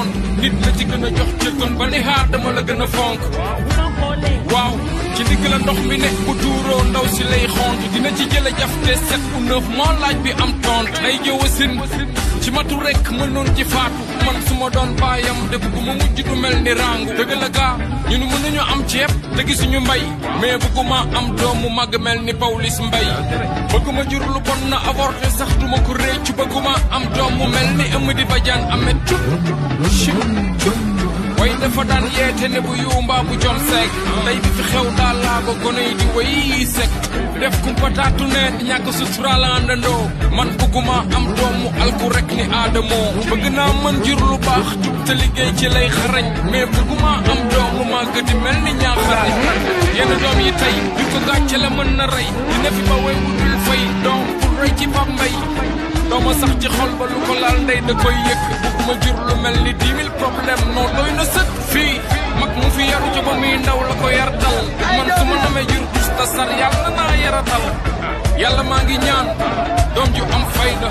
noonu nit la ci gën a jox cër kon ba ni xaar a fonk ci digg la ndox mi nekk bu tuuroo ndaw si lay xont dina ci jële jaf set bu neuf moo laaj bi am tont day jëw sin ci matu rek mënoon ci faatu man su ma doon baayam dëgg bu ma mujj du mel ni rangu dëgg la gaa ñun mënuñu am ceeb te gisuñu mbay mais bëgguma am doomu màgg mel ni Pawlish Mbaye bëgguma jur lu bon na avorté sax ko réccu bëgguma am doomu mel ni Amady Badiane amet cub way dafa daan yeete ne bu yuumbaa bu jon seek tey di fi xew daal laa ko gone yi di way sek def kumpataatu ne ñàkk suturaal àndandoo man bëgguma am doomu alku ni aadamoo bëgg naa mën jur lu baax te liggéey ci lay xarañ mais bëgguma am doom lu mel ni ñaaxarañ yenn doom yi tey yu ko gàcce la mën na rey di fi ba way wudul fay doom rey ci bambay dooma sax ci xol ba lu ko laal ndey da koy yëg ma jur lu mel ni dix mille problème doy na sët fii mag mu fi yaru ci muy ndaw la ko yar dal man su ma namee jur gis ta sar yàlla naa yara dal yàlla maa ngi ñaan doom ju am fayda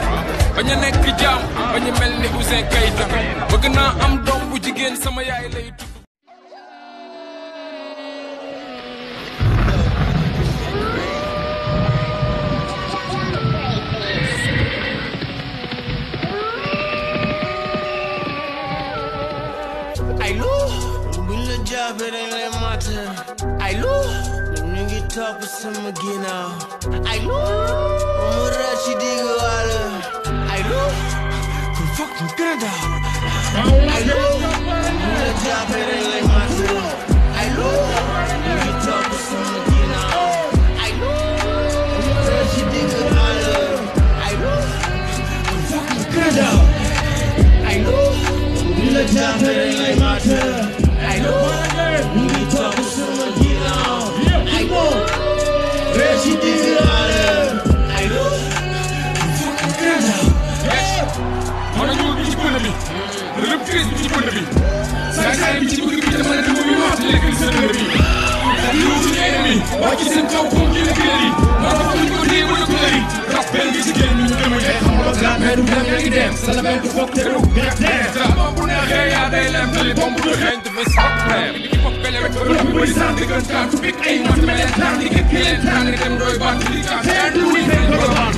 bañ a nekk jaam bañ a mel ni Ouzin Keita bëgg naa am doom bu jigéen sama yaay lay tafi sun magina ailu mura ci diga wala ailu kun fuck magana da ailu crise bi ci bënd bi saay-saay bi ci bëgg bi dama ne mooy wax ci lekk seen bi ñu ci ennemi wàcc seen kaw ko ci lekk yi ma ko ñu ko téye wala ko lay raf benn gi ci génn ñu dem de xam nga la medu dem ya ngi dem sa la medu fokk te du neex neex sa bu neexee yaa day lem tali bomb du xent fa sax frère di ko pele ko lu bu di sant gën ka tu big ay mat melen tan di ke pelen tan dem doy baat di ka tan du wi ko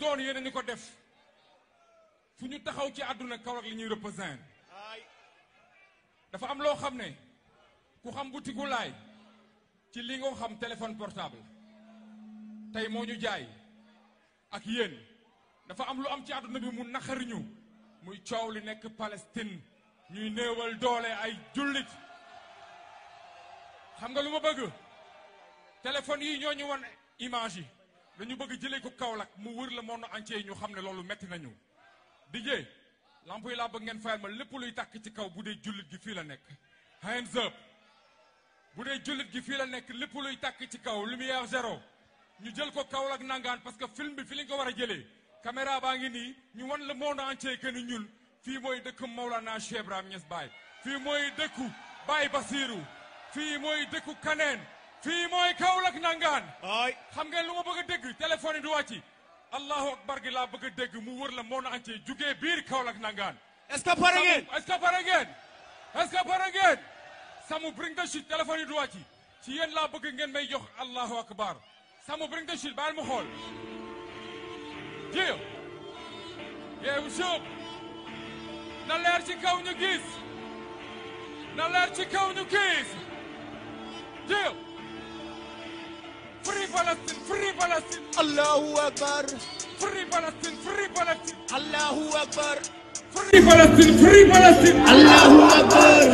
doon yéen ñu ko def fu ñu taxaw ci àdduna Kaolack li ñuy représenter dafa am loo xam ne ku xam butigu laay ci li nga xam téléphone portable tey moo ñu jaay ak yéen dafa am lu am ci àdduna bi mu naqariñu muy coow li nekk Palestine ñuy néewal doole ay jullit xam nga lu ma bëgg téléphone yi ñooñu ñu wan image yi dañu bëgg jëlee ko Kaolack mu wër le monde entier ñu xam ne loolu metti nañu DJ lamp yi laa bëgg ngeen fayal ma lépp luy takk ci kaw bu dee jullit gi fii la nekk bu dee jullit gi fii la nekk lépp luy takk ci kaw lumière zéro ñu jël ko Kaolack nangaan parce que film bi fi lañ ko war a jëlee caméra baa ngi nii ñu wan le monde entier que ni ñun fii mooy dëkku Maulana Cheikh Ibrahim Niass Baye fii mooy dëkku Baye Basirou fii mooy dëkku Kaneen fii mooy Kaolack nangaan. waay xam ngeen lu ma bëgg a dégg téléphone yi du wàcc. allahu akbar gi laa bëgg a dégg mu wër la moo na entier jugee biir Kaolack nangaan. est que pare ngeen est pare ngeen. est pare ngeen. Samu bring the shit téléphone yi du wàcc ci yéen laa bëgg ngeen may jox allahu akbar Samu bring the shit baal mu xool. jiw. yeewu sóob. na leer ci kaw ñu gis. na leer ci kaw ñu gis. jiw. Free Palestine, free Palestine. Allahu Akbar. Free Palestine, free Palestine. Allahu Akbar. Free Palestine, free Palestine. Allahu Akbar.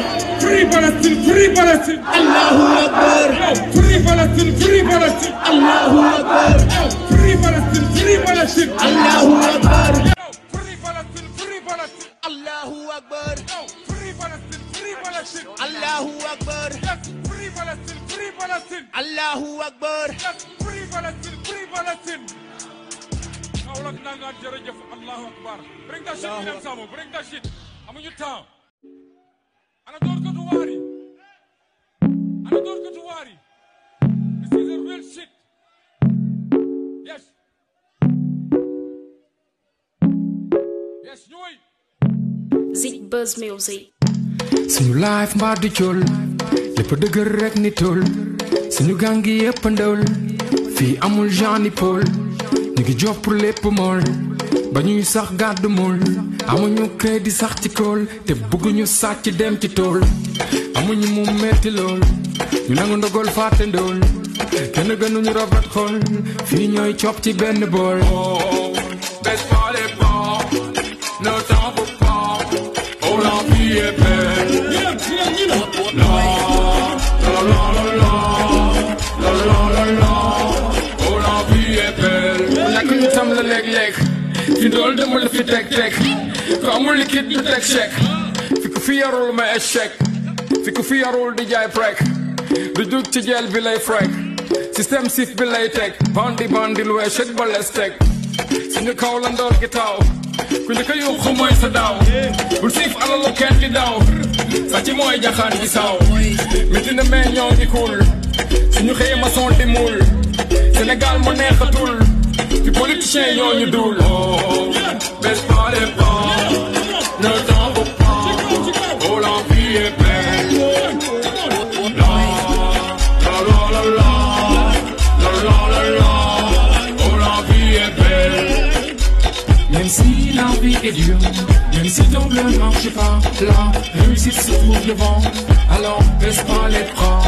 Free Palestine, free Palestine. Allahu Akbar. Allahu Akbar. Kaolack nangaan jërëjëf Allahu Akbar. Bring that shit, Minam Sabo. Bring that shit. Amuñu temps. Ana doorkatu waar yi. Ana doorkatu waar yi. This is a real shit. Yes. Yes, ñooy. Zik Buzz Music. suñu live mbaa di cool lépp dëgër rek ni tool. suñu gang yi yëpp ndawul fii amul Jean Paul ñu ngi jox lépp mool ba ñuy sax gàddu mool amuñu di sax ci kool te bëgguñu sàcc dem ci tool amuñu mu metti lool ñu nangu ndogal fàtte ndool kenn gënuñu robat xool fii ñooy copp ci benn bool. Oh, oh, oh, teg teg ku amul liquide du teg chèque fi ku fi yarul ma échec fi ku fi yarul di jaay prek du jug ci jeel bi lay frek système sif bi lay teg bandi bandi lu échec ba les teg suñu kaw la ndoor gi taaw ku njëkk a yuuxu mooy sa daaw bul siif alalu kenn di daaw sa ci mooy jaxaan gi saaw miti na mee ñoo ngi kuul suñu xëyee maçon di muul Sénégal mu neexatul ci politiciens ñoo ñu duul baisse pas les pans. ne t'en vous pas oh l'envie est belle. La, la la la la, la la la la, oh est belle. Même si la vie est dure, même si ton bleu ne marche pas, la réussite se trouve devant. Alors baisse pas les bras,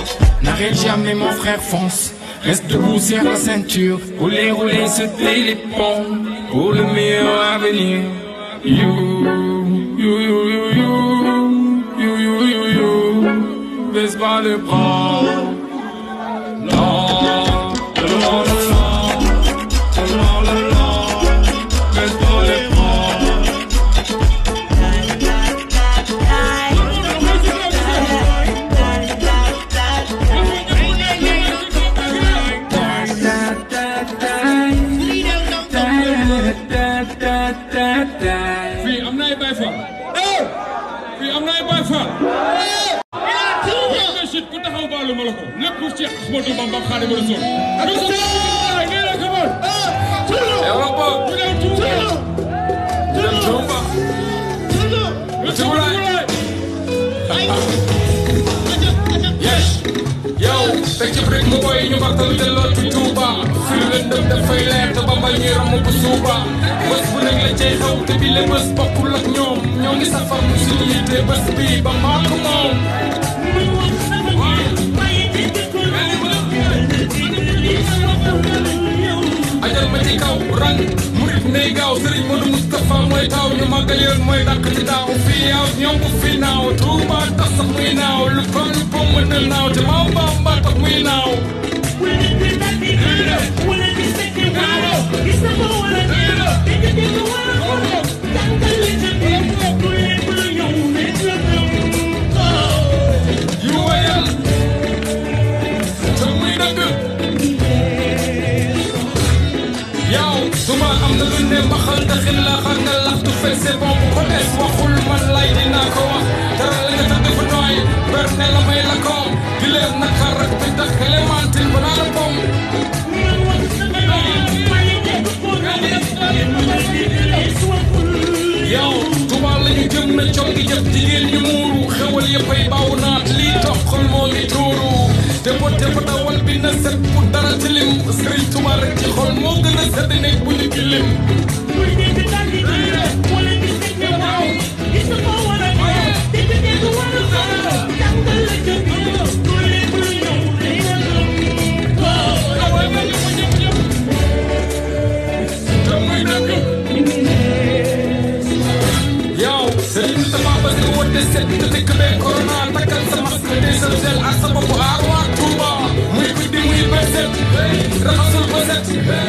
n'arrête jamais mon frère, fonce. Reste debout, serre la ceinture, rouler, rouler, ce les Pulling me up in you, you, you, you, you, you, you, you, you, you, this volleyball. Fii am na ay Baay Faal. fii am na ay Baay Faal. Rachid ku taxaw baalu ma la ko lépp ci Ahmadou Bamba Xaadimu Rasuul. Europa. te cib rek mu booy ñu battal delloo ci Tuuba fi lu lëndëm dafay leer te bambal ñuy romb bu suuba bés bu nekk la cay xaw te bi le bés bokkul ak ñoom ñoo safar mu suñu yitte bés bi ba maa ko moom ajal ma ci kaw rang we ngay gaaw sëriñ Modou Moustapha mooy taw ñu màggal yoon mooy dàq ñu daaw fii fi Touba sax muy lu lu na muy wala wala wala ko wala ne ma xal dëxin la xam nga laxtu fel c'est bon bu ko des waxul man lay dinaa ko wax dara la nga tëdd fu nooy ber ne la may la koom di leen nakar ak bi tax élémentil ba naa la bom yow tubaab la ñu jëm na cong gi jëf jigéen ñu muuru xewal yëppay baw naat lii toxul moo ngi tuuru te ba te ba dawal bi na set bu dara tilim sëriñ tubaab rek ci xol moo gën a set nekk bu ñu kilim C'est Hussein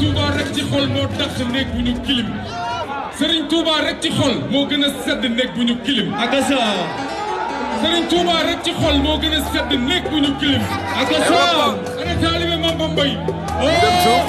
Touba rek ci xol moo tax néeg bu ñu kilim Serigne Touba rek ci xol moo gën a sedd néeg bu ñu kilim. akasa. Serigne Touba rek ci xol moo gën a sedd néeg bu ñu kilim. akasa. ana taalibe Mamba Mbaye.